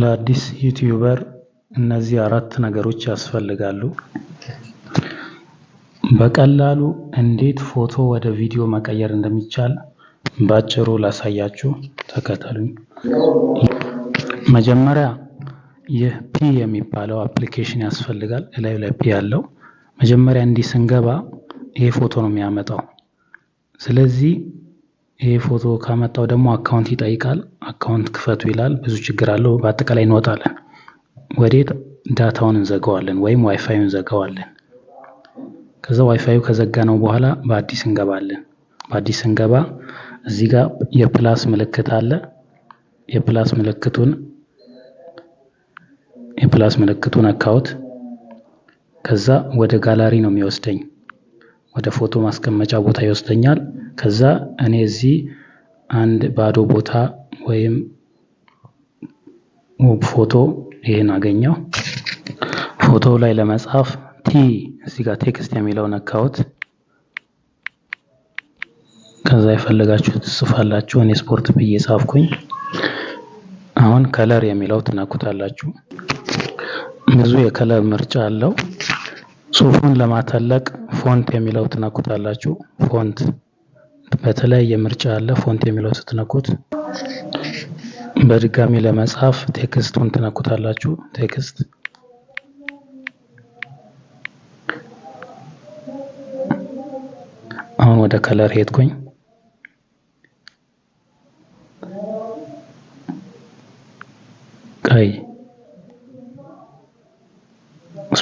ለአዲስ ዩቲዩበር እነዚህ አራት ነገሮች ያስፈልጋሉ። በቀላሉ እንዴት ፎቶ ወደ ቪዲዮ መቀየር እንደሚቻል በአጭሩ ላሳያችሁ፣ ተከተሉኝ። መጀመሪያ ይህ ፒ የሚባለው አፕሊኬሽን ያስፈልጋል። እላዩ ላይ ፒ ያለው መጀመሪያ እንዲህ ስንገባ ይሄ ፎቶ ነው የሚያመጣው። ስለዚህ ይሄ ፎቶ ካመጣው ደግሞ አካውንት ይጠይቃል አካውንት ክፈቱ ይላል ብዙ ችግር አለው በአጠቃላይ እንወጣለን። ወዴት ዳታውን እንዘጋዋለን ወይም ዋይፋዩን እንዘጋዋለን። ከዛ ዋይፋዩ ከዘጋነው በኋላ በአዲስ እንገባለን በአዲስ እንገባ እዚህ ጋር የፕላስ ምልክት አለ። የፕላስ ምልክቱን የፕላስ ምልክቱን አካውት ከዛ ወደ ጋላሪ ነው የሚወስደኝ ወደ ፎቶ ማስቀመጫ ቦታ ይወስደኛል። ከዛ እኔ እዚህ አንድ ባዶ ቦታ ወይም ፎቶ ይሄን አገኘው ፎቶ ላይ ለመጻፍ ቲ እዚህ ጋር ቴክስት የሚለውን ነካሁት። ከዛ የፈለጋችሁት ትጽፋላችሁ። እኔ ስፖርት ብዬ ጻፍኩኝ። አሁን ከለር የሚለው ትነኩታላችሁ። ብዙ የከለር ምርጫ አለው ጽሁፉን ለማተለቅ ፎንት የሚለው ትነኩታላችሁ። ፎንት በተለያየ ምርጫ አለ። ፎንት የሚለው ስትነኩት በድጋሚ ለመጻፍ ቴክስቱን ትነኩታላችሁ። ቴክስት አሁን ወደ ከለር ሄድኩኝ። ቀይ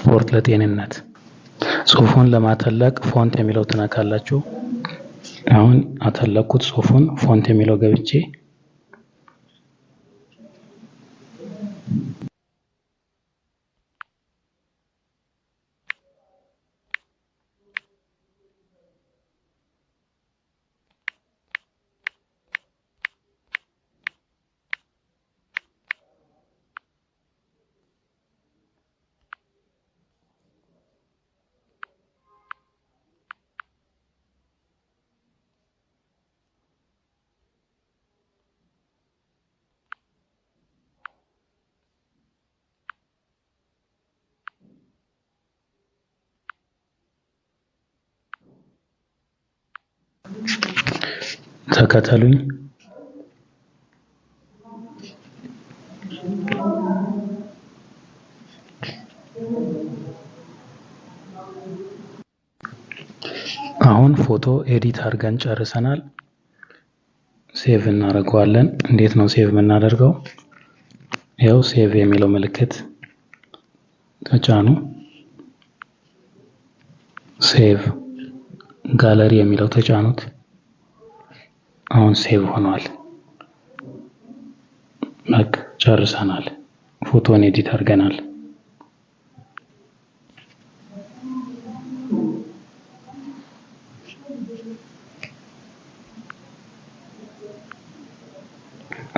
ስፖርት ለጤንነት ጽሁፉን ለማተለቅ ፎንት የሚለው ትነካላችሁ። አሁን አተለቅኩት ጽሁፉን ፎንት የሚለው ገብቼ ተከተሉኝ አሁን ፎቶ ኤዲት አድርገን ጨርሰናል። ሴቭ እናደርገዋለን። እንዴት ነው ሴቭ የምናደርገው? ያው ሴቭ የሚለው ምልክት ተጫኑ። ሴቭ ጋለሪ የሚለው ተጫኑት። አሁን ሴቭ ሆኗል። በቃ ጨርሰናል። ፎቶን ኤዲት አድርገናል።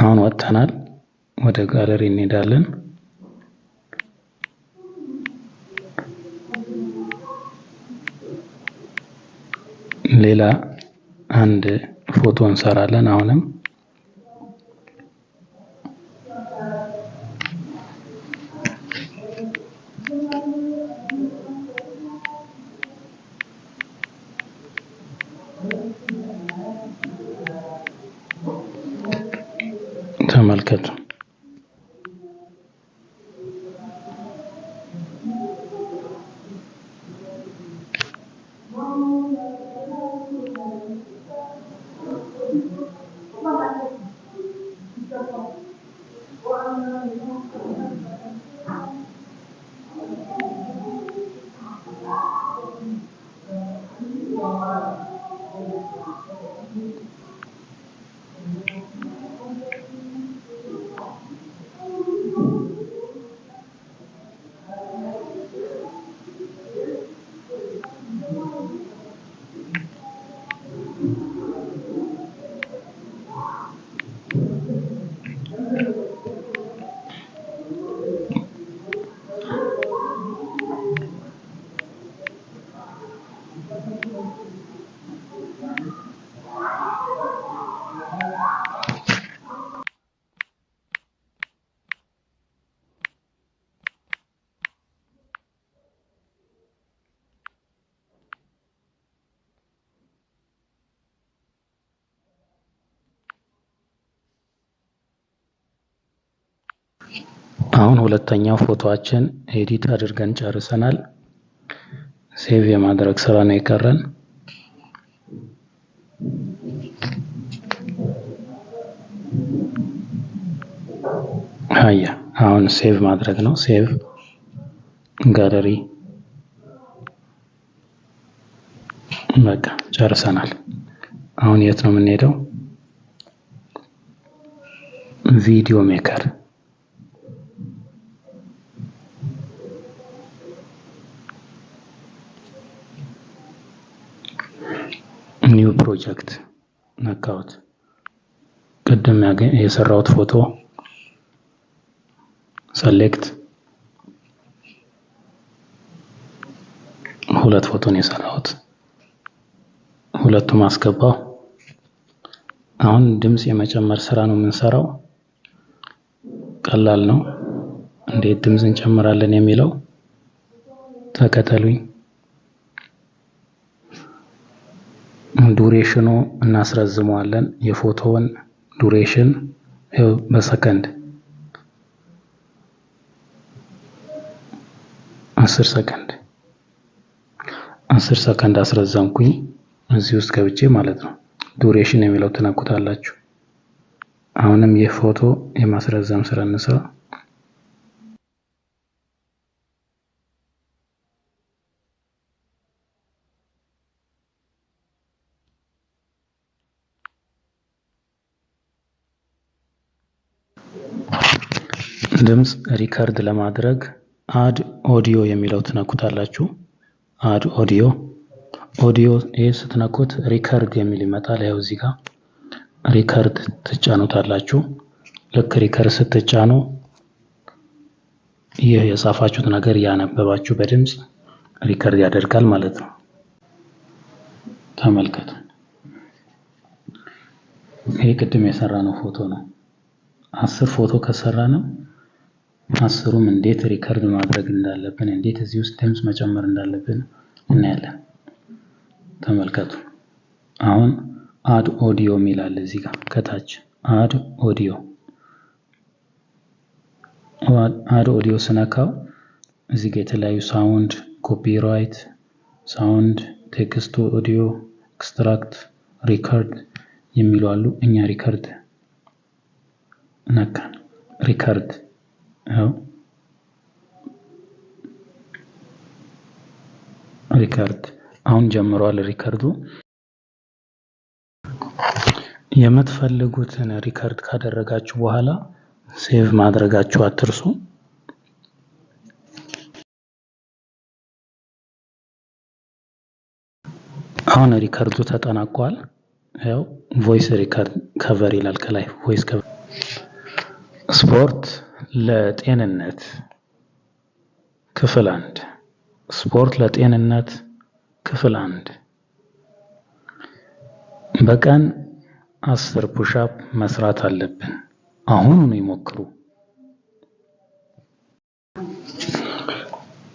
አሁን ወጥተናል። ወደ ጋለሪ እንሄዳለን። ሌላ አንድ ፎቶ እንሰራለን አሁንም አሁን ሁለተኛው ፎቶአችን ኤዲት አድርገን ጨርሰናል። ሴቭ የማድረግ ስራ ነው የቀረን። አያ አሁን ሴቭ ማድረግ ነው። ሴቭ ጋለሪ። በቃ ጨርሰናል። አሁን የት ነው የምንሄደው? ቪዲዮ ሜከር ኒው ፕሮጀክት ነካሁት። ቅድም የሰራሁት ፎቶ ሰሌክት ሁለት ፎቶን የሰራሁት ሁለቱም አስገባው። አሁን ድምፅ የመጨመር ስራ ነው የምንሰራው። ቀላል ነው። እንዴት ድምፅ እንጨምራለን የሚለው ተከተሉኝ። ዱሬሽኑ እናስረዝመዋለን የፎቶውን ዱሬሽን በሰከንድ አስር ሰከንድ አስር ሰከንድ አስረዘምኩኝ እዚህ ውስጥ ገብቼ ማለት ነው። ዱሬሽን የሚለው ትነኩታላችሁ። አሁንም ይህ ፎቶ የማስረዘም ስራ እንስራ። ድምጽ ሪከርድ ለማድረግ አድ ኦዲዮ የሚለው ትነኩታላችሁ። አድ ኦዲዮ ኦዲዮ ይህ ስትነኩት ሪከርድ የሚል ይመጣል። ያው እዚህ ጋር ሪከርድ ትጫኑታላችሁ። ልክ ሪከርድ ስትጫኑ ይህ የጻፋችሁት ነገር እያነበባችሁ በድምጽ ሪከርድ ያደርጋል ማለት ነው። ተመልከቱ። ይህ ቅድም የሰራ ነው ፎቶ ነው። አስር ፎቶ ከሰራ ነው አስሩም እንዴት ሪከርድ ማድረግ እንዳለብን እንዴት እዚህ ውስጥ ድምፅ መጨመር እንዳለብን እናያለን። ተመልከቱ። አሁን አድ ኦዲዮ የሚላል እዚህ ጋር ከታች አድ ኦዲዮ አድ ኦዲዮ ስነካው እዚህ ጋር የተለያዩ ሳውንድ፣ ኮፒራይት፣ ሳውንድ፣ ቴክስት ኦዲዮ፣ ኤክስትራክት፣ ሪከርድ የሚሉ አሉ። እኛ ሪከርድ ነካ ሪከርድ ሪከርድ አሁን ጀምሯል ሪከርዱ። የምትፈልጉትን ሪከርድ ካደረጋችሁ በኋላ ሴቭ ማድረጋችሁ አትርሱ። አሁን ሪከርዱ ተጠናቋል። ያው ቮይስ ሪከርድ ከቨር ይላል ከላይ ቮይስ ከቨር ስፖርት ለጤንነት ክፍል አንድ ስፖርት ለጤንነት ክፍል አንድ በቀን አስር ፑሻፕ መስራት አለብን። አሁኑኑ ይሞክሩ።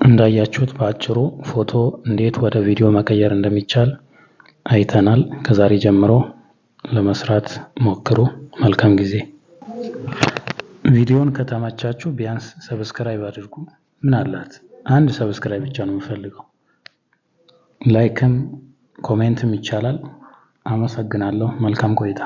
እንዳያችሁት በአጭሩ ፎቶ እንዴት ወደ ቪዲዮ መቀየር እንደሚቻል አይተናል። ከዛሬ ጀምሮ ለመስራት ሞክሩ። መልካም ጊዜ ቪዲዮን ከተመቻችሁ ቢያንስ ሰብስክራይብ አድርጉ። ምን አላት አንድ ሰብስክራይብ ብቻ ነው የምፈልገው። ላይክም ኮሜንትም ይቻላል። አመሰግናለሁ። መልካም ቆይታ